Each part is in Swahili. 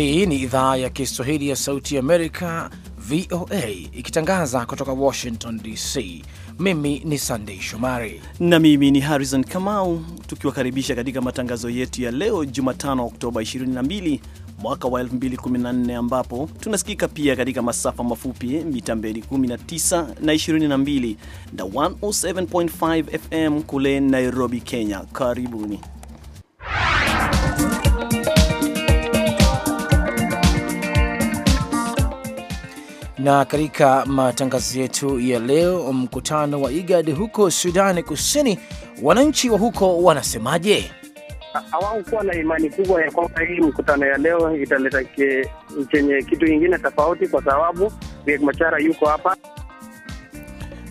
Hii ni idhaa ya Kiswahili ya Sauti Amerika, VOA, ikitangaza kutoka Washington DC. Mimi ni Sandei Shomari na mimi ni Harrison Kamau, tukiwakaribisha katika matangazo yetu ya leo Jumatano, Oktoba 22 mwaka wa 2014 ambapo tunasikika pia katika masafa mafupi mita mbili 19 na 22 na 107.5 FM kule Nairobi, Kenya. Karibuni. Na katika matangazo yetu ya leo, mkutano wa IGAD huko Sudani Kusini, wananchi wa huko wanasemaje? Hawakuwa na imani kubwa ya kwamba hii mkutano ya leo italeta chenye kitu ingine tofauti, kwa sababu Riek Machara yuko hapa.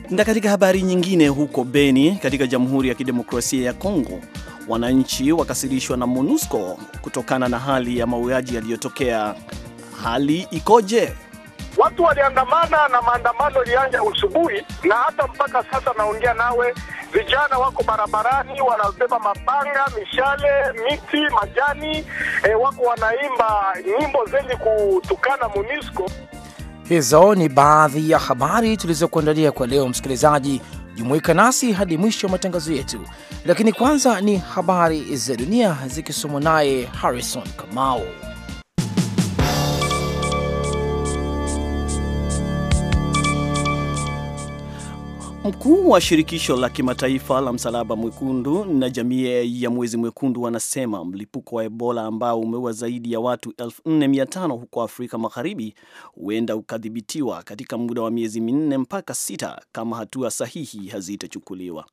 Na katika habari nyingine, huko Beni katika Jamhuri ya Kidemokrasia ya Kongo, wananchi wakasirishwa na MONUSCO kutokana na hali ya mauaji yaliyotokea. Hali ikoje? Watu waliandamana na maandamano ilianja usubuhi, na hata mpaka sasa naongea nawe, vijana wako barabarani, wanabeba mapanga, mishale, miti, majani e, wako wanaimba nyimbo zenye kutukana MONUSCO. Hizo ni baadhi ya habari tulizokuandalia kwa leo. Msikilizaji, jumuika nasi hadi mwisho wa matangazo yetu, lakini kwanza ni habari za dunia zikisomwa naye Harrison Kamau. Mkuu wa shirikisho la kimataifa la msalaba mwekundu na jamii ya mwezi mwekundu wanasema mlipuko wa Ebola ambao umeua zaidi ya watu 4500 huko Afrika Magharibi huenda ukadhibitiwa katika muda wa miezi minne mpaka sita kama hatua sahihi hazitachukuliwa.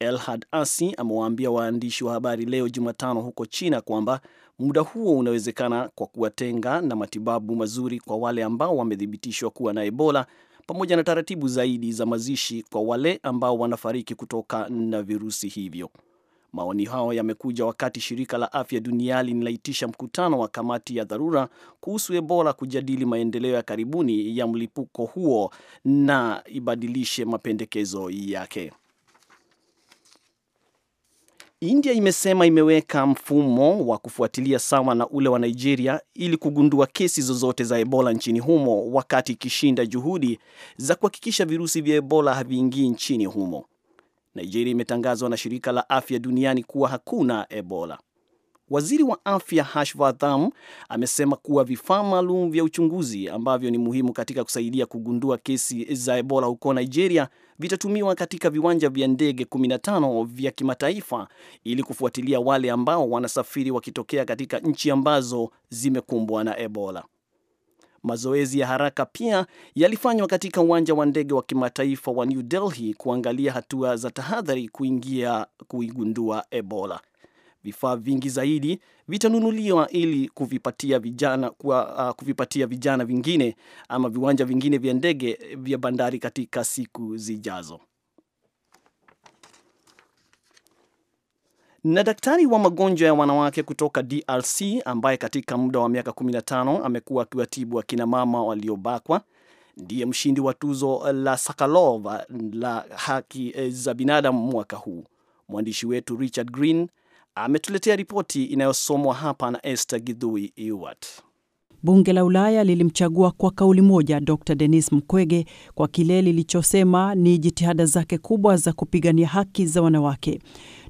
Elhad Asi amewaambia waandishi wa habari leo Jumatano huko China kwamba muda huo unawezekana kwa kuwatenga na matibabu mazuri kwa wale ambao wamethibitishwa kuwa na Ebola pamoja na taratibu zaidi za mazishi kwa wale ambao wanafariki kutoka na virusi hivyo. Maoni hayo yamekuja wakati shirika la afya duniani linaitisha mkutano wa kamati ya dharura kuhusu Ebola kujadili maendeleo ya karibuni ya mlipuko huo na ibadilishe mapendekezo yake. India imesema imeweka mfumo wa kufuatilia sawa na ule wa Nigeria ili kugundua kesi zozote za Ebola nchini humo wakati ikishinda juhudi za kuhakikisha virusi vya Ebola haviingii nchini humo. Nigeria imetangazwa na shirika la afya duniani kuwa hakuna Ebola. Waziri wa afya Hashva amesema kuwa vifaa maalum vya uchunguzi ambavyo ni muhimu katika kusaidia kugundua kesi za Ebola huko Nigeria vitatumiwa katika viwanja vya ndege 15 vya kimataifa ili kufuatilia wale ambao wanasafiri wakitokea katika nchi ambazo zimekumbwa na Ebola. Mazoezi ya haraka pia yalifanywa katika uwanja wa ndege wa kimataifa wa New Delhi kuangalia hatua za tahadhari kuingia kuigundua Ebola. Vifaa vingi zaidi vitanunuliwa ili kuvipatia vijana, kwa, uh, ah, kuvipatia vijana vingine ama viwanja vingine vya ndege vya bandari katika siku zijazo. na daktari wa magonjwa ya wanawake kutoka DRC ambaye katika muda wa miaka 15 amekuwa akiwatibu akina mama waliobakwa ndiye mshindi wa tuzo la Sakalova la haki eh, za binadamu mwaka huu. Mwandishi wetu Richard Green ametuletea ripoti inayosomwa hapa na Esther Gidhui Iwat. Bunge la Ulaya lilimchagua kwa kauli moja Dr Denis mkwege kwa kile lilichosema ni jitihada zake kubwa za kupigania haki za wanawake.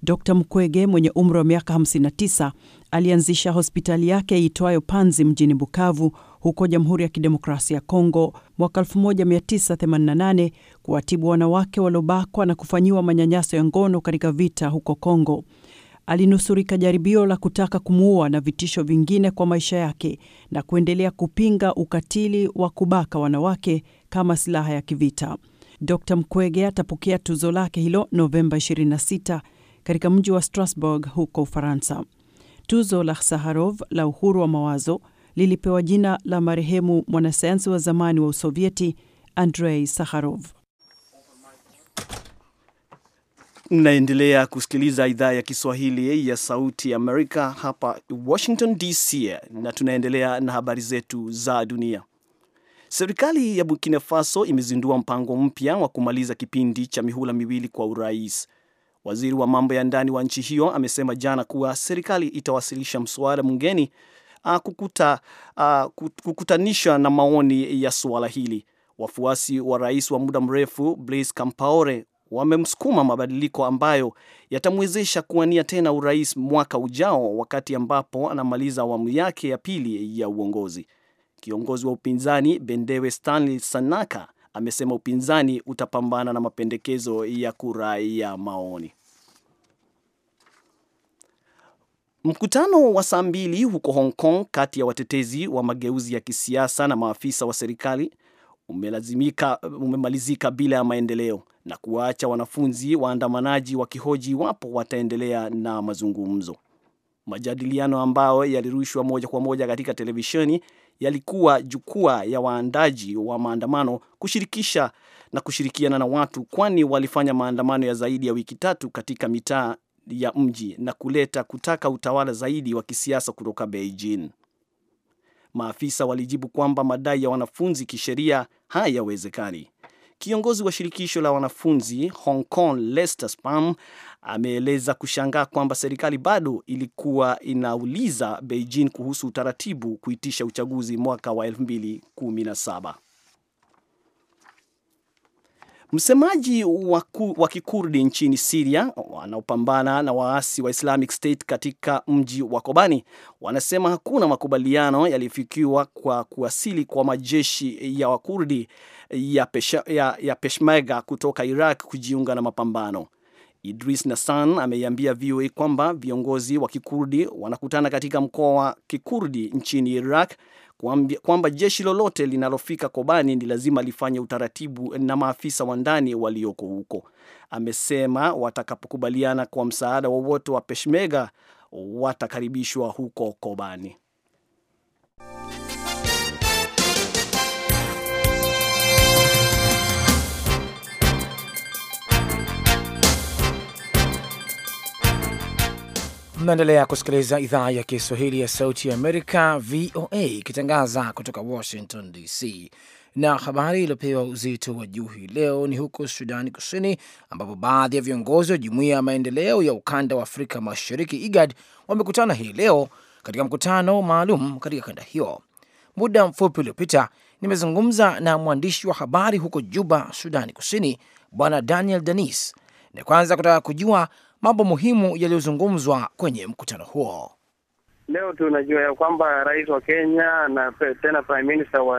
Dr mkwege mwenye umri wa miaka 59 alianzisha hospitali yake iitwayo Panzi mjini Bukavu huko Jamhuri ya Kidemokrasia ya Kongo mwaka 1988 kuwatibu wanawake waliobakwa na kufanyiwa manyanyaso ya ngono katika vita huko Kongo alinusurika jaribio la kutaka kumuua na vitisho vingine kwa maisha yake na kuendelea kupinga ukatili wa kubaka wanawake kama silaha ya kivita. Dr Mkwege atapokea tuzo lake hilo Novemba 26 katika mji wa Strasbourg huko Ufaransa. Tuzo la Saharov la uhuru wa mawazo lilipewa jina la marehemu mwanasayansi wa zamani wa Usovieti Andrei Saharov. Mnaendelea kusikiliza idhaa ya Kiswahili ya Sauti ya Amerika hapa Washington DC, na tunaendelea na habari zetu za dunia. Serikali ya Burkina Faso imezindua mpango mpya wa kumaliza kipindi cha mihula miwili kwa urais. Waziri wa mambo ya ndani wa nchi hiyo amesema jana kuwa serikali itawasilisha mswada mwingine kukuta, kukutanisha na maoni ya suala hili. Wafuasi wa rais wa muda mrefu Blaise Compaore wamemsukuma mabadiliko ambayo yatamwezesha kuwania tena urais mwaka ujao, wakati ambapo anamaliza awamu yake ya pili ya uongozi. Kiongozi wa upinzani Bendewe Stanley Sanaka amesema upinzani utapambana na mapendekezo ya kura ya maoni. Mkutano wa saa mbili huko Hong Kong kati ya watetezi wa mageuzi ya kisiasa na maafisa wa serikali umelazimika umemalizika bila ya maendeleo na kuwaacha wanafunzi waandamanaji wakihoji iwapo wataendelea na mazungumzo. Majadiliano ambayo yalirushwa moja kwa moja katika televisheni yalikuwa jukwaa ya waandaji wa maandamano kushirikisha na kushirikiana na watu, kwani walifanya maandamano ya zaidi ya wiki tatu katika mitaa ya mji na kuleta kutaka utawala zaidi wa kisiasa kutoka Beijing. Maafisa walijibu kwamba madai ya wanafunzi kisheria hayawezekani. Kiongozi wa shirikisho la wanafunzi Hong Kong, Lester Spam, ameeleza kushangaa kwamba serikali bado ilikuwa inauliza Beijing kuhusu utaratibu kuitisha uchaguzi mwaka wa 2017. Msemaji wa kikurdi nchini Siria wanaopambana na waasi wa Islamic State katika mji wa Kobani wanasema hakuna makubaliano yaliyofikiwa kwa kuwasili kwa majeshi ya wakurdi ya, ya, ya Peshmerga kutoka Iraq kujiunga na mapambano. Idris Nasan ameiambia VOA kwamba viongozi wa kikurdi wanakutana katika mkoa wa kikurdi nchini Iraq kwamba jeshi lolote linalofika Kobani ni lazima lifanye utaratibu na maafisa wa ndani walioko huko. Amesema watakapokubaliana kwa msaada wowote wa, wa Peshmerga watakaribishwa huko Kobani. Mnaendelea kusikiliza idhaa ya Kiswahili ya Sauti ya Amerika, VOA, ikitangaza kutoka Washington DC. Na habari iliyopewa uzito wa juu hii leo ni huko Sudani Kusini, ambapo baadhi ya viongozi wa Jumuiya ya Maendeleo ya Ukanda wa Afrika Mashariki, IGAD, wamekutana hii leo katika mkutano maalum katika kanda hiyo. Muda mfupi uliopita nimezungumza na mwandishi wa habari huko Juba, Sudani Kusini, Bwana Daniel Danis, na kwanza kutaka kujua mambo muhimu yaliyozungumzwa kwenye mkutano huo. Leo tunajua ya kwamba rais wa Kenya na tena prime minister wa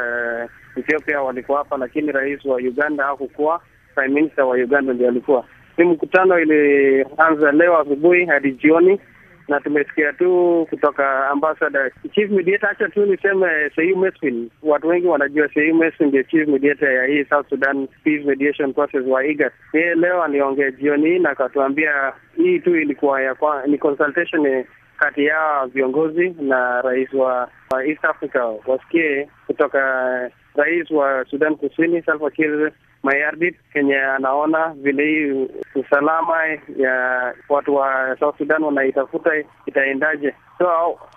Ethiopia walikuwa hapa, lakini rais wa Uganda hakukuwa, prime minister wa Uganda ndio alikuwa. Ni mkutano ilianza leo asubuhi hadi jioni na tumesikia tu kutoka ambassador chief mediator. Acha tu niseme Seyoum Mesfin, watu wengi wanajua Seyoum Mesfin ndio chief mediator ya hii South Sudan Peace Mediation Process wa IGAD. Yeye leo aliongea jioni hii na akatuambia hii tu ilikuwa ya kwa, ni consultation kati ya viongozi na rais wa East Africa, wasikie kutoka rais wa Sudan Kusini Salva Kiir Mayardit kenye anaona vile hii usalama ya watu wa South Sudan wanaitafuta itaendaje. So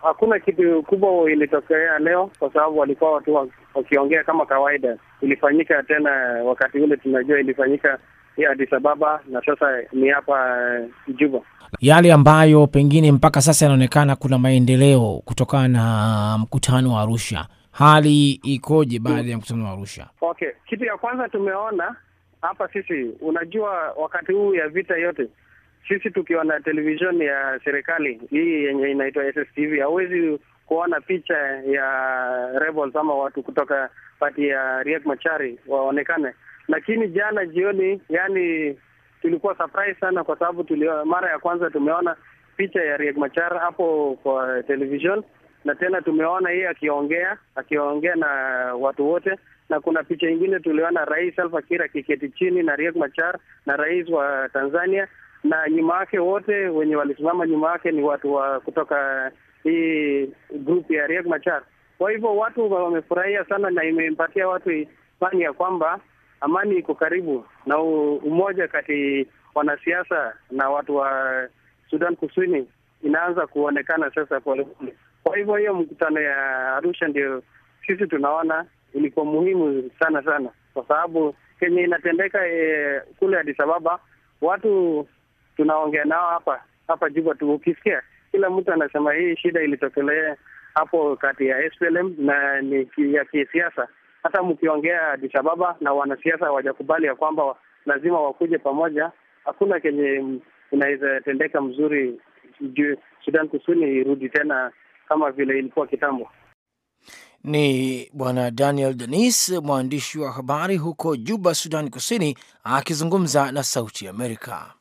hakuna kitu kubwa ilitokea leo, kwa sababu walikuwa watu wakiongea kama kawaida. Ilifanyika tena wakati ule, tunajua ilifanyika ya Addis Ababa na sasa ni hapa eh, Juba. Yale ambayo pengine mpaka sasa yanaonekana kuna maendeleo kutokana na mkutano wa Arusha hali ikoje baada ya mkutano wa Arusha? Okay, kitu ya kwanza tumeona hapa sisi, unajua wakati huu ya vita yote sisi tukiwa na televisheni ya serikali hii yenye inaitwa SSTV hawezi kuona picha ya rebels ama watu kutoka pati ya Riek Machari waonekane, lakini jana jioni, yani tulikuwa surprise sana kwa sababu mara ya kwanza tumeona picha ya Riek Machar hapo kwa television na tena tumeona yeye akiongea akiongea na watu wote, na kuna picha ingine tuliona Rais Alfa Kiir akiketi chini na Riek Machar na rais wa Tanzania, na nyuma yake wote wenye walisimama nyuma yake ni watu wa kutoka hii grupu ya Riek Machar. Kwa hivyo watu wamefurahia sana, na imempatia watu imani ya kwamba amani iko karibu na umoja kati wanasiasa na watu wa Sudan Kusini inaanza kuonekana sasa polepole. Kwa hivyo hiyo mkutano ya Arusha ndio sisi tunaona ilikuwa muhimu sana sana, kwa sababu kenye inatendeka e, kule Addis Ababa watu tunaongea nao hapa hapa Juba tu, ukisikia kila mtu anasema hii shida ilitokelea hapo kati ya SPLM na ni ya kisiasa. Hata mkiongea Addis Ababa na wanasiasa hawajakubali ya kwamba lazima wakuje pamoja. Hakuna kenye inaweza tendeka mzuri juu Sudan Kusini irudi tena kama vile ilikuwa kitambo. Ni Bwana Daniel Denis, mwandishi wa habari huko Juba, Sudan Kusini, akizungumza na Sauti Amerika.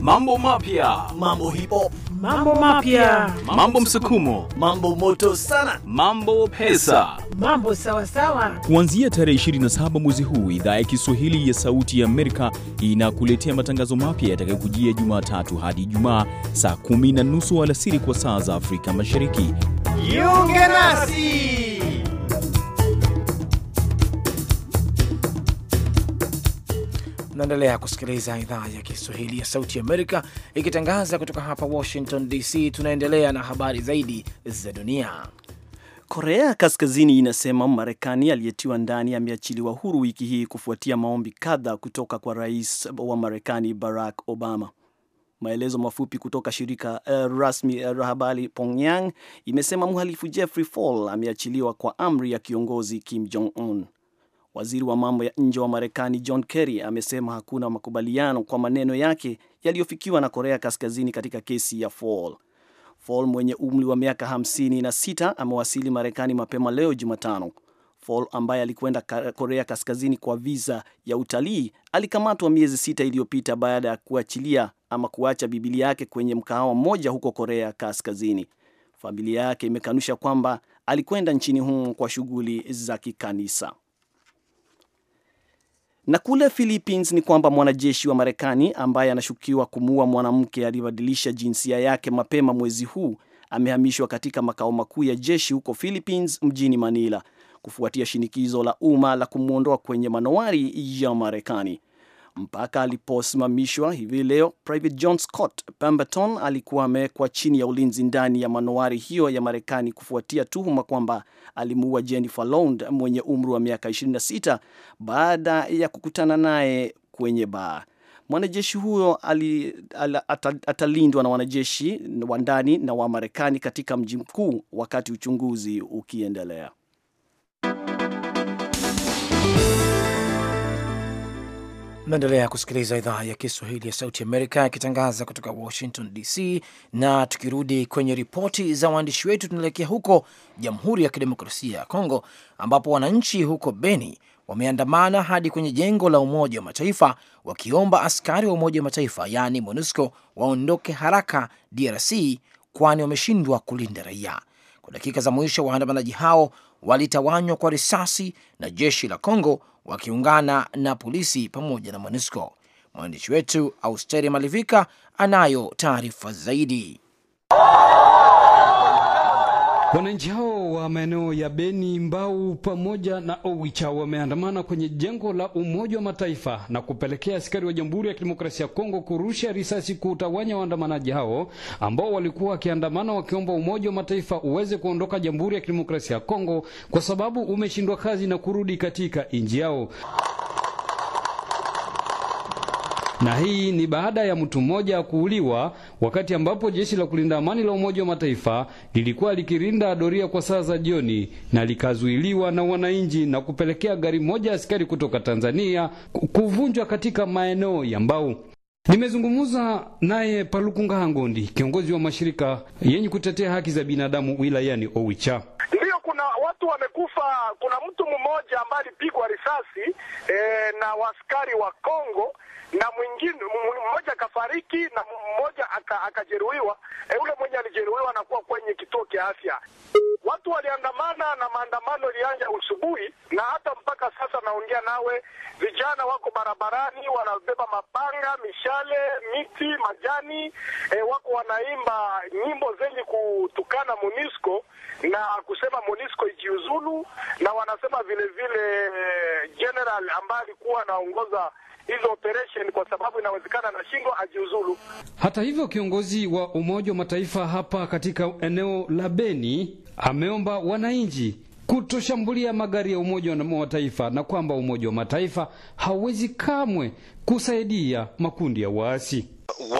Mambo mapya, mambo hip hop mambo mapya, mambo msukumo, mambo moto sana, mambo pesa, mambo sawasawa. Kuanzia tarehe 27 mwezi huu, idhaa ya Kiswahili ya Sauti ya Amerika inakuletea matangazo mapya yatakayokujia Jumatatu hadi Jumaa saa kumi na nusu alasiri kwa saa za Afrika Mashariki. Jiunge nasi. naendelea kusikiliza idhaa ya Kiswahili ya Sauti Amerika ikitangaza kutoka hapa Washington DC. Tunaendelea na habari zaidi za dunia. Korea Kaskazini inasema Marekani aliyetiwa ndani ameachiliwa huru wiki hii kufuatia maombi kadhaa kutoka kwa rais wa Marekani Barack Obama. Maelezo mafupi kutoka shirika uh, rasmi eh, la uh, habari Pyongyang imesema mhalifu Jeffrey Fall ameachiliwa kwa amri ya kiongozi Kim Jong Un. Waziri wa mambo ya nje wa Marekani John Kerry amesema hakuna makubaliano kwa maneno yake yaliyofikiwa na Korea Kaskazini katika kesi ya Fall. Fall mwenye umri wa miaka 56 amewasili Marekani mapema leo Jumatano. Fall ambaye alikwenda Korea Kaskazini kwa visa ya utalii alikamatwa miezi sita iliyopita baada ya kuachilia ama kuacha Biblia yake kwenye mkahawa mmoja huko Korea Kaskazini. Familia yake imekanusha kwamba alikwenda nchini humo kwa shughuli za kikanisa. Na kule Philippines ni kwamba mwanajeshi wa Marekani ambaye anashukiwa kumuua mwanamke aliyebadilisha jinsia yake mapema mwezi huu amehamishwa katika makao makuu ya jeshi huko Philippines mjini Manila kufuatia shinikizo la umma la kumwondoa kwenye manowari ya Marekani mpaka aliposimamishwa hivi leo. Private John Scott Pemberton alikuwa amewekwa chini ya ulinzi ndani ya manowari hiyo ya Marekani kufuatia tuhuma kwamba alimuua Jennifer Lond mwenye umri wa miaka 26 baada ya kukutana naye kwenye baa. Mwanajeshi huyo ali, atalindwa na wanajeshi wa ndani na wa Marekani katika mji mkuu wakati uchunguzi ukiendelea. Naendelea kusikiliza idhaa ya Kiswahili ya Sauti Amerika ikitangaza kutoka Washington DC. Na tukirudi kwenye ripoti za waandishi wetu, tunaelekea huko Jamhuri ya Kidemokrasia ya Kongo, ambapo wananchi huko Beni wameandamana hadi kwenye jengo la Umoja wa Mataifa wakiomba askari wa Umoja wa Mataifa yaani MONUSCO waondoke haraka DRC, kwani wameshindwa kulinda raia. Kwa dakika za mwisho waandamanaji hao walitawanywa kwa risasi na jeshi la congo wakiungana na polisi pamoja na MONUSCO. Mwandishi wetu Austeri Malivika anayo taarifa zaidi. Wananchi hao wa maeneo ya Beni, Mbau pamoja na Owicha wameandamana kwenye jengo la Umoja wa Mataifa na kupelekea askari wa Jamhuri ya Kidemokrasia ya Kongo kurusha risasi kutawanya waandamanaji hao ambao walikuwa wakiandamana wakiomba Umoja wa Mataifa uweze kuondoka Jamhuri ya Kidemokrasia ya Kongo kwa sababu umeshindwa kazi na kurudi katika nchi yao na hii ni baada ya mtu mmoja kuuliwa wakati ambapo jeshi la kulinda amani la Umoja wa Mataifa lilikuwa likirinda doria kwa saa za jioni na likazuiliwa na wananchi na kupelekea gari moja askari kutoka Tanzania kuvunjwa katika maeneo ya Mbau. Nimezungumza naye Palukunga Hangondi, kiongozi wa mashirika yenye kutetea haki za binadamu wilayani Owicha. Ndiyo, kuna watu wamekufa. Kuna mtu mmoja ambaye alipigwa risasi e, na waskari wa Kongo na mwingine mmoja akafariki na mmoja akajeruhiwa. Aka e, yule mwenye alijeruhiwa anakuwa kwenye kituo cha afya. Watu waliandamana na maandamano ilianja usubuhi, na hata mpaka sasa naongea nawe, vijana wako barabarani, wanabeba mapanga, mishale, miti, majani e, wako wanaimba nyimbo zenye kutukana Monisco na kusema Monisco ijiuzulu, na wanasema vile vile e, general ambaye alikuwa anaongoza hizo operation kwa sababu inawezekana na shingo ajiuzulu. Hata hivyo, kiongozi wa Umoja wa Mataifa hapa katika eneo la Beni ameomba wananchi kutoshambulia magari ya Umoja wa Mataifa na kwamba Umoja wa Mataifa hauwezi kamwe kusaidia makundi ya waasi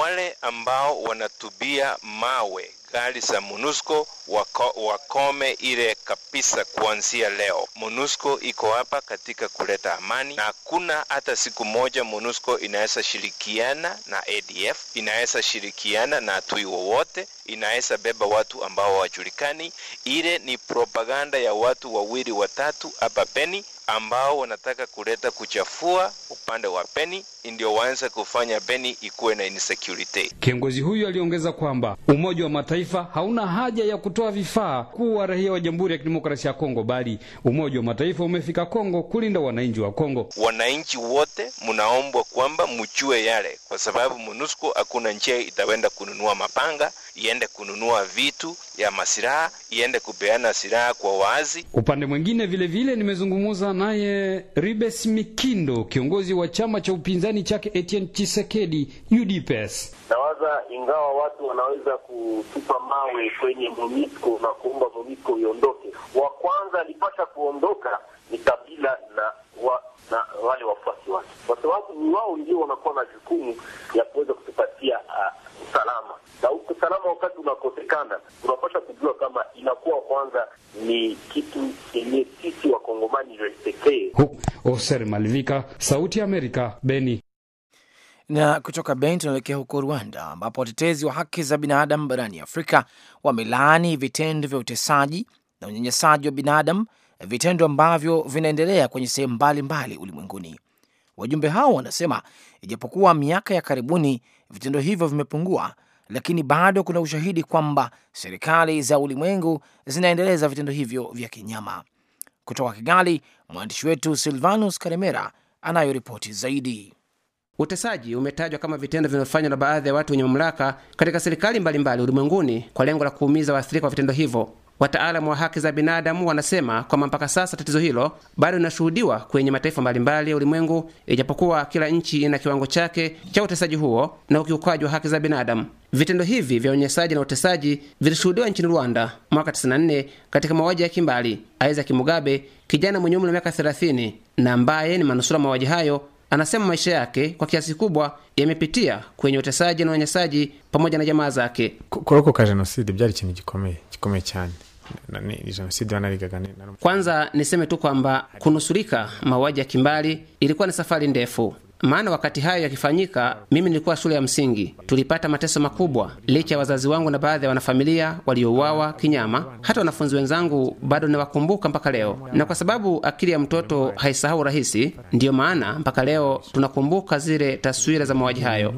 wale ambao wanatubia mawe gari za MONUSCO wako, wakome ile kabisa kuanzia leo. MONUSCO iko hapa katika kuleta amani, na hakuna hata siku moja MONUSCO inaweza shirikiana na ADF, inaweza shirikiana na adui wowote, inaweza beba watu ambao hawajulikani. Ile ni propaganda ya watu wawili watatu hapa Beni ambao wanataka kuleta kuchafua upande wa Beni ndio waanze kufanya Beni ikuwe na insecurity. Kiongozi huyu aliongeza kwamba Umoja wa Mataifa hauna haja ya kutoa vifaa kuwa raia wa Jamhuri ya Kidemokrasia ya Kongo, bali Umoja wa Mataifa umefika Kongo kulinda wananchi wa Kongo. Wananchi wote mnaombwa kwamba mchue yale, kwa sababu MONUSCO hakuna njia itawenda kununua mapanga, iende kununua vitu ya masiraha, iende kupeana silaha kwa wazi. Upande mwingine vilevile nimezungumza naye Ribes Mikindo, kiongozi wa chama cha upinzani chake Etienne Tshisekedi UDPS. Nawaza ingawa watu wanaweza kutupa mawe kwenye MONUSCO na kuomba MONUSCO iondoke, wa kwanza alipasha kuondoka ni Kabila na wa, na wale wafuasi wake, kwa sababu ni wao ndio wanakuwa na jukumu ya kuweza kutupatia uh, usalama na usalama wakati unakosekana, tunapasha kujua kama inakuwa kwanza ni kitu yenye sisi wakongomani respektee. Oser Malivika, Sauti ya Amerika, Beni. Na kutoka Beni tunaelekea huko Rwanda, ambapo watetezi wa haki za binadamu barani Afrika wamelaani vitendo vya utesaji na unyanyasaji wa binadamu, vitendo ambavyo vinaendelea kwenye sehemu mbalimbali ulimwenguni. Wajumbe hao wanasema ijapokuwa miaka ya karibuni vitendo hivyo vimepungua lakini bado kuna ushahidi kwamba serikali za ulimwengu zinaendeleza vitendo hivyo vya kinyama. Kutoka Kigali, mwandishi wetu Silvanus Karemera anayo ripoti zaidi. Utesaji umetajwa kama vitendo vinavyofanywa na baadhi ya watu wenye mamlaka katika serikali mbalimbali ulimwenguni kwa lengo la kuumiza waathirika wa vitendo hivyo. Wataalamu wa haki za binadamu wanasema kwamba mpaka sasa tatizo hilo bado linashuhudiwa kwenye mataifa mbalimbali ya ulimwengu, ijapokuwa kila nchi ina kiwango chake cha utesaji huo na ukiukaji wa haki za binadamu. Vitendo hivi vya unyanyasaji na utesaji vilishuhudiwa nchini Rwanda mwaka 94 katika mauaji ya kimbali. Isaac Mugabe, kijana mwenye umri wa miaka 30 na ambaye ni manusura mauaji hayo, anasema maisha yake kwa kiasi kubwa yamepitia kwenye utesaji na unyanyasaji pamoja na jamaa zake. kurokoka jenoside byari ikintu gikomeye gikomeye cyane kwanza niseme tu kwamba kunusurika mauaji ya kimbali ilikuwa ni safari ndefu, maana wakati hayo yakifanyika, mimi nilikuwa shule ya msingi. Tulipata mateso makubwa, licha ya wazazi wangu na baadhi ya wanafamilia waliouawa kinyama. Hata wanafunzi wenzangu bado nawakumbuka mpaka leo, na kwa sababu akili ya mtoto haisahau rahisi, ndiyo maana mpaka leo tunakumbuka zile taswira za mauaji hayo.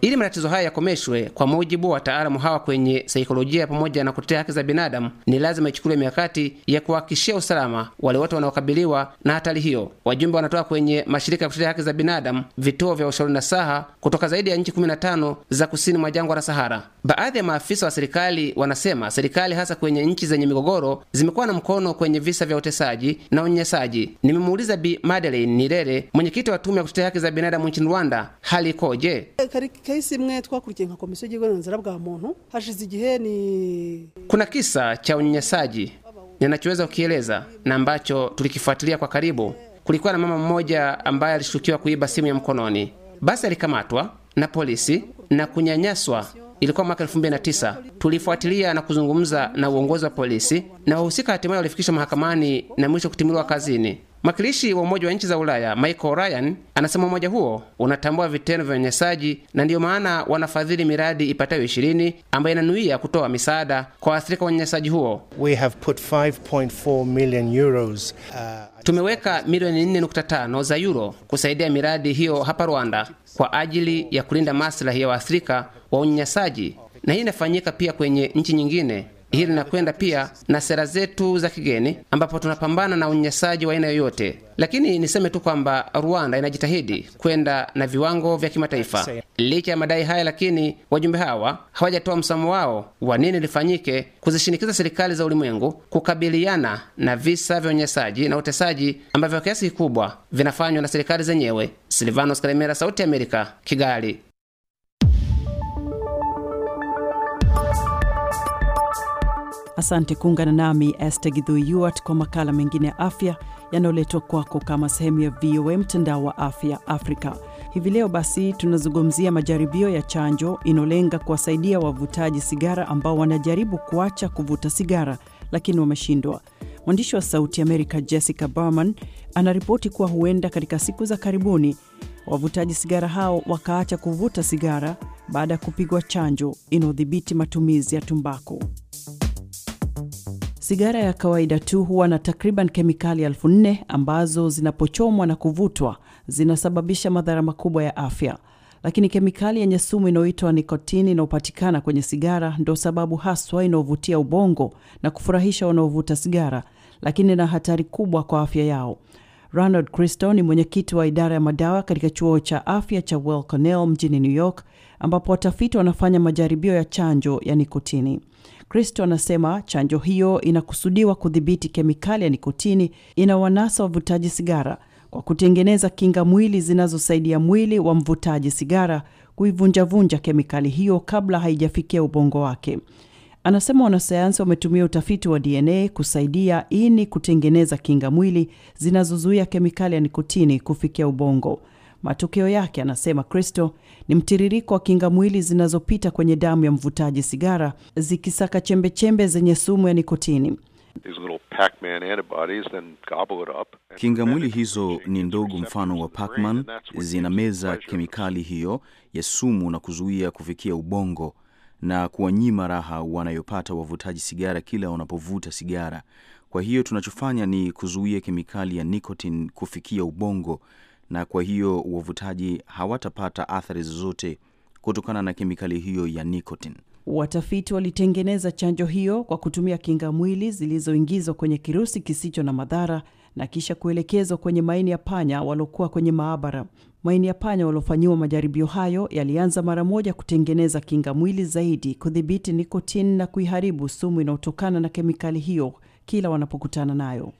Ili matatizo haya yakomeshwe, kwa mujibu wa wataalamu hawa kwenye saikolojia pamoja na kutetea haki za binadamu, ni lazima ichukuliwe mikakati ya kuhakikishia usalama wale wote wanaokabiliwa na hatari hiyo. Wajumbe wanatoka kwenye mashirika ya kutetea haki za binadamu, vituo vya ushauri na saha kutoka zaidi ya nchi 15 za kusini mwa jangwa la Sahara. Baadhi ya maafisa wa serikali wanasema serikali hasa kwenye nchi zenye migogoro zimekuwa na mkono kwenye visa vya utesaji na unyanyasaji. Nimemuuliza Bi Madeleine nirere mwenyekiti wa tume ya kutetea haki za binadamu nchini Rwanda, hali ikoje? Eh, kesi mwe twakurikiye nka komisiyo y'igihugu y'uburenganzira bwa muntu hashize igihe ni kuna kisa cha unyanyasaji ninachoweza kukieleza na ambacho tulikifuatilia kwa karibu. Kulikuwa na mama mmoja ambaye alishukiwa kuiba simu ya mkononi, basi alikamatwa na polisi na kunyanyaswa. Ilikuwa mwaka tisa Tulifuatilia na kuzungumza na uongozi wa polisi na wahusika, hatimaye walifikishwa mahakamani na mwisho kutimiliwa kazini. Mwakilishi wa Umoja wa Nchi za Ulaya Michael Ryan anasema umoja huo unatambua vitendo vya unyanyasaji na ndiyo maana wanafadhili miradi ipatayo ishirini ambayo inanuia kutoa misaada kwa waathirika wa unyanyasaji huo. We have put 5.4 million euros, uh, tumeweka milioni 4.5 za yuro kusaidia miradi hiyo hapa Rwanda kwa ajili ya kulinda maslahi ya waathirika wa unyanyasaji, na hii inafanyika pia kwenye nchi nyingine Hili linakwenda pia na sera zetu za kigeni, ambapo tunapambana na unyanyasaji wa aina yoyote. Lakini niseme tu kwamba Rwanda inajitahidi kwenda na viwango vya kimataifa. Licha ya madai haya, lakini wajumbe hawa hawajatoa msamo wao wa nini lifanyike kuzishinikiza serikali za ulimwengu kukabiliana na visa vya unyanyasaji na utesaji ambavyo kwa kiasi kikubwa vinafanywa na serikali zenyewe. Silvanos Kalemera, Sauti ya Amerika, Kigali. Asante kuungana nami Esther Githui kwa makala mengine ya afya yanayoletwa kwako kama sehemu ya VOA mtandao wa afya Afrika. Hivi leo basi tunazungumzia majaribio ya chanjo inayolenga kuwasaidia wavutaji sigara ambao wanajaribu kuacha kuvuta sigara lakini wameshindwa. Mwandishi wa Sauti Amerika Jessica Berman anaripoti kuwa huenda katika siku za karibuni wavutaji sigara hao wakaacha kuvuta sigara baada ya kupigwa chanjo inayodhibiti matumizi ya tumbako. Sigara ya kawaida tu huwa na takriban kemikali elfu nne ambazo zinapochomwa na kuvutwa zinasababisha madhara makubwa ya afya, lakini kemikali yenye sumu inayoitwa nikotini inayopatikana kwenye sigara ndo sababu haswa inayovutia ubongo na kufurahisha wanaovuta sigara, lakini na hatari kubwa kwa afya yao. Ronald Cristo ni mwenyekiti wa idara ya madawa katika chuo cha afya cha Weill Cornell mjini New York, ambapo watafiti wanafanya majaribio ya chanjo ya nikotini. Kristo anasema chanjo hiyo inakusudiwa kudhibiti kemikali ya nikotini inawanasa wavutaji sigara kwa kutengeneza kinga mwili zinazosaidia mwili wa mvutaji sigara kuivunjavunja kemikali hiyo kabla haijafikia ubongo wake. Anasema wanasayansi wametumia utafiti wa DNA kusaidia ini kutengeneza kinga mwili zinazozuia kemikali ya nikotini kufikia ubongo. Matokeo yake, anasema Kristo, ni mtiririko wa kinga mwili zinazopita kwenye damu ya mvutaji sigara zikisaka chembechembe zenye sumu ya nikotini. Kinga mwili hizo ni ndogo, mfano wa Pacman, zinameza kemikali hiyo ya sumu na kuzuia kufikia ubongo na kuwanyima raha wanayopata wavutaji sigara kila wanapovuta sigara. Kwa hiyo tunachofanya ni kuzuia kemikali ya nikotin kufikia ubongo na kwa hiyo wavutaji hawatapata athari zozote kutokana na kemikali hiyo ya nikotini. Watafiti walitengeneza chanjo hiyo kwa kutumia kinga mwili zilizoingizwa kwenye kirusi kisicho na madhara na kisha kuelekezwa kwenye maini ya panya waliokuwa kwenye maabara. Maini ya panya waliofanyiwa majaribio hayo yalianza mara moja kutengeneza kinga mwili zaidi kudhibiti nikotin na kuiharibu sumu inayotokana na kemikali hiyo kila wanapokutana nayo.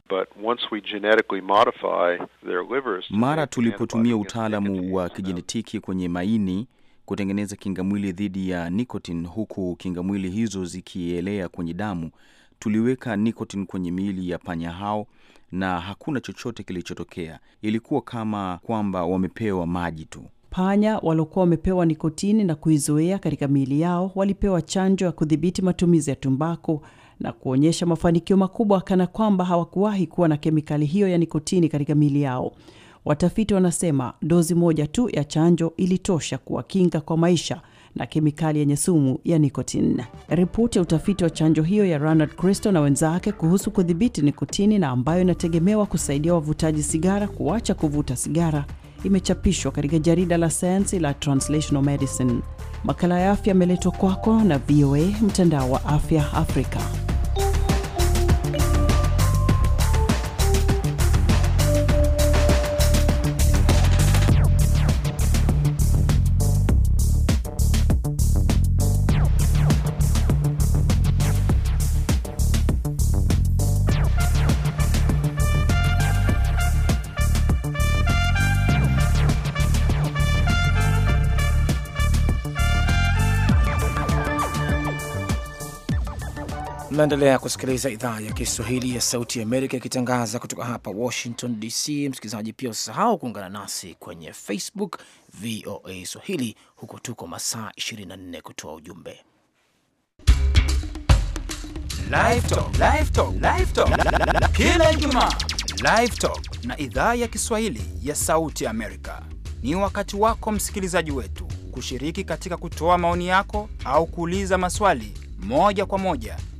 Mara tulipotumia utaalamu wa kijenetiki kwenye maini kutengeneza kingamwili dhidi ya nikotin, huku kingamwili hizo zikielea kwenye damu, tuliweka nikotin kwenye miili ya panya hao na hakuna chochote kilichotokea. Ilikuwa kama kwamba wamepewa maji tu. Panya waliokuwa wamepewa nikotini na kuizoea katika miili yao walipewa chanjo ya kudhibiti matumizi ya tumbako na kuonyesha mafanikio makubwa kana kwamba hawakuwahi kuwa na kemikali hiyo ya nikotini katika mili yao. Watafiti wanasema dozi moja tu ya chanjo ilitosha kuwakinga kwa maisha na kemikali yenye sumu ya nikotini. Ripoti ya utafiti wa chanjo hiyo ya Ronald Cristo na wenzake kuhusu kudhibiti nikotini na ambayo inategemewa kusaidia wavutaji sigara kuacha kuvuta sigara imechapishwa katika jarida la sayansi la Translational Medicine. Makala ya afya ameletwa kwako na VOA, mtandao wa afya Afrika. Naendelea kusikiliza idhaa ya Kiswahili ya Sauti ya Amerika ikitangaza kutoka hapa Washington DC. Msikilizaji, pia usisahau kuungana nasi kwenye Facebook VOA Swahili, huko tuko masaa 24 kutoa ujumbe kila Ijumaa. na idhaa ya Kiswahili ya Sauti ya Amerika ni wakati wako msikilizaji wetu kushiriki katika kutoa maoni yako au kuuliza maswali moja kwa moja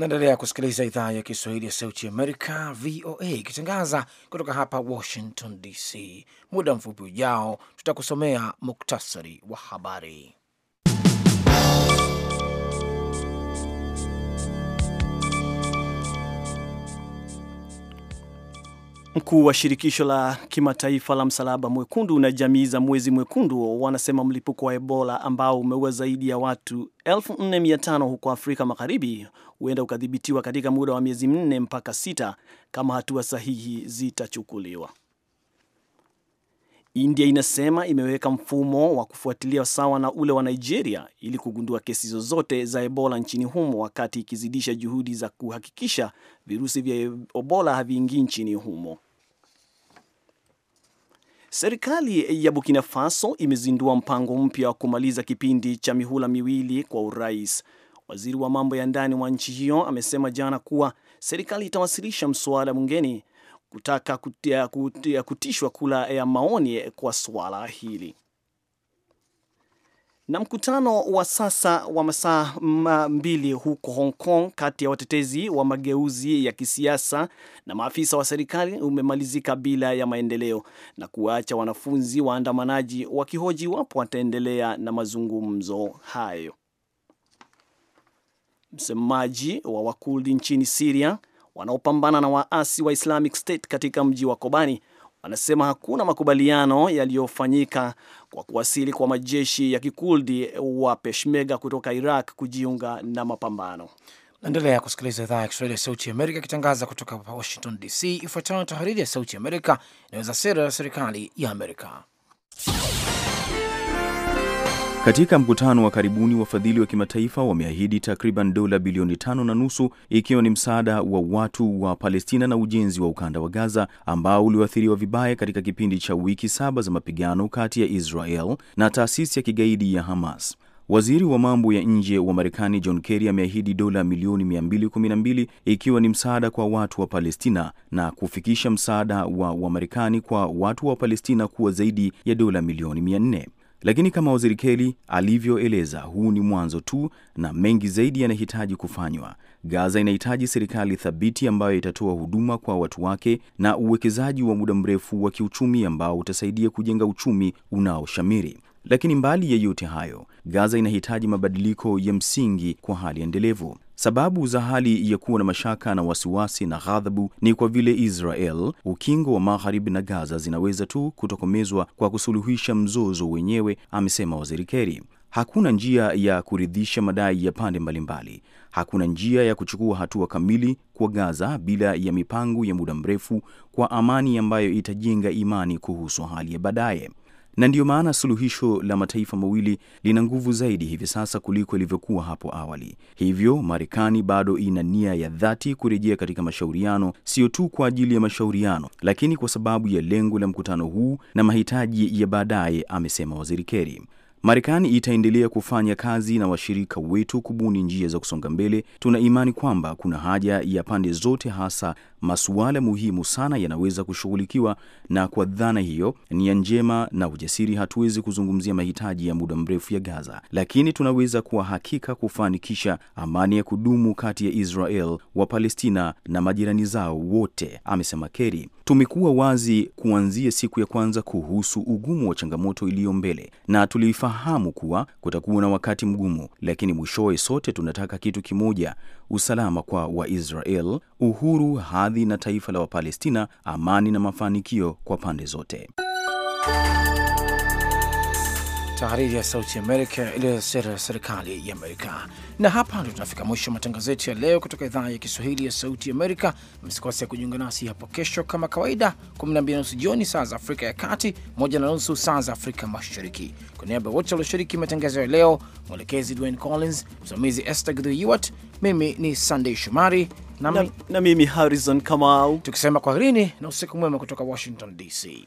Naendelea kusikiliza idhaa ya Kiswahili ya Sauti Amerika, VOA, ikitangaza kutoka hapa Washington DC. Muda mfupi ujao, tutakusomea muktasari wa habari. Mkuu wa shirikisho la kimataifa la Msalaba Mwekundu na jamii za Mwezi Mwekundu wanasema mlipuko wa Ebola ambao umeua zaidi ya watu 45 huko Afrika Magharibi huenda ukadhibitiwa katika muda wa miezi minne mpaka sita kama hatua sahihi zitachukuliwa. India inasema imeweka mfumo wa kufuatilia sawa na ule wa Nigeria ili kugundua kesi zozote za Ebola nchini humo wakati ikizidisha juhudi za kuhakikisha virusi vya Ebola haviingii nchini humo. Serikali ya Burkina Faso imezindua mpango mpya wa kumaliza kipindi cha mihula miwili kwa urais Waziri wa mambo ya ndani wa nchi hiyo amesema jana kuwa serikali itawasilisha mswada bungeni kutaka kutia, kutia, kutishwa kula ya maoni kwa suala hili. Na mkutano wa sasa wa masaa mbili huko Hong Kong kati ya watetezi wa mageuzi ya kisiasa na maafisa wa serikali umemalizika bila ya maendeleo na kuwaacha wanafunzi waandamanaji wakihoji iwapo wataendelea na mazungumzo hayo msemaji wa Wakurdi nchini Siria wanaopambana na waasi wa Islamic State katika mji wa Kobani wanasema hakuna makubaliano yaliyofanyika kwa kuwasili kwa majeshi ya Kikurdi wa Peshmerga kutoka Iraq kujiunga na mapambano. Naendelea kusikiliza idhaa ya Kiswahili ya Sauti ya Amerika ikitangaza kutoka hapa Washington DC. Ifuatayo tahariri ya Sauti ya Amerika inaweza sera ya serikali ya Amerika. Katika mkutano wa karibuni wafadhili wa kimataifa wameahidi takriban dola bilioni tano na nusu ikiwa ni msaada wa watu wa Palestina na ujenzi wa ukanda wa Gaza ambao ulioathiriwa vibaya katika kipindi cha wiki saba za mapigano kati ya Israel na taasisi ya kigaidi ya Hamas. Waziri wa mambo ya nje wa Marekani John Kerry ameahidi dola milioni 212 ikiwa ni msaada kwa watu wa Palestina na kufikisha msaada wa Wamarekani kwa watu wa Palestina kuwa zaidi ya dola milioni 400. Lakini kama waziri Keli alivyoeleza, huu ni mwanzo tu na mengi zaidi yanahitaji kufanywa. Gaza inahitaji serikali thabiti ambayo itatoa huduma kwa watu wake na uwekezaji wa muda mrefu wa kiuchumi ambao utasaidia kujenga uchumi unaoshamiri. Lakini mbali ya yote hayo, Gaza inahitaji mabadiliko ya msingi kwa hali endelevu. Sababu za hali ya kuwa na mashaka na wasiwasi na ghadhabu ni kwa vile Israel, ukingo wa magharibi na Gaza zinaweza tu kutokomezwa kwa kusuluhisha mzozo wenyewe, amesema waziri Keri. Hakuna njia ya kuridhisha madai ya pande mbalimbali. Hakuna njia ya kuchukua hatua kamili kwa Gaza bila ya mipango ya muda mrefu kwa amani ambayo itajenga imani kuhusu hali ya baadaye na ndiyo maana suluhisho la mataifa mawili lina nguvu zaidi hivi sasa kuliko ilivyokuwa hapo awali. Hivyo Marekani bado ina nia ya dhati kurejea katika mashauriano, sio tu kwa ajili ya mashauriano, lakini kwa sababu ya lengo la mkutano huu na mahitaji ya baadaye, amesema Waziri keri Marekani itaendelea kufanya kazi na washirika wetu kubuni njia za kusonga mbele. Tuna imani kwamba kuna haja ya pande zote, hasa masuala muhimu sana yanaweza kushughulikiwa, na kwa dhana hiyo, nia njema na ujasiri, hatuwezi kuzungumzia mahitaji ya muda mrefu ya Gaza, lakini tunaweza kuwa hakika kufanikisha amani ya kudumu kati ya Israel, wa Palestina na majirani zao wote, amesema Kerry. Tumekuwa wazi kuanzia siku ya kwanza kuhusu ugumu wa changamoto iliyo mbele, na tulifahamu kuwa kutakuwa na wakati mgumu, lakini mwishowe sote tunataka kitu kimoja: usalama kwa Waisrael, uhuru, hadhi na taifa la Wapalestina, amani na mafanikio kwa pande zote tahariri ya Sauti Amerika ya serikali ya Amerika. Na hapa ndio tunafika mwisho wa matangazo yetu ya leo kutoka idhaa ya Kiswahili ya Sauti Amerika. Msikose kujiunga nasi hapo kesho kama kawaida, 12:30 jioni saa za Afrika ya Kati, 1:30 saa za Afrika Mashariki. Kwa niaba ya wote walioshiriki matangazo ya leo, mwelekezi Dwayne Collins, msimamizi Esther Githuwat, mimi ni Sunday Shomari na, na mimi Harrison Kamau, tukisema kwaherini na usiku mwema kutoka Washington DC.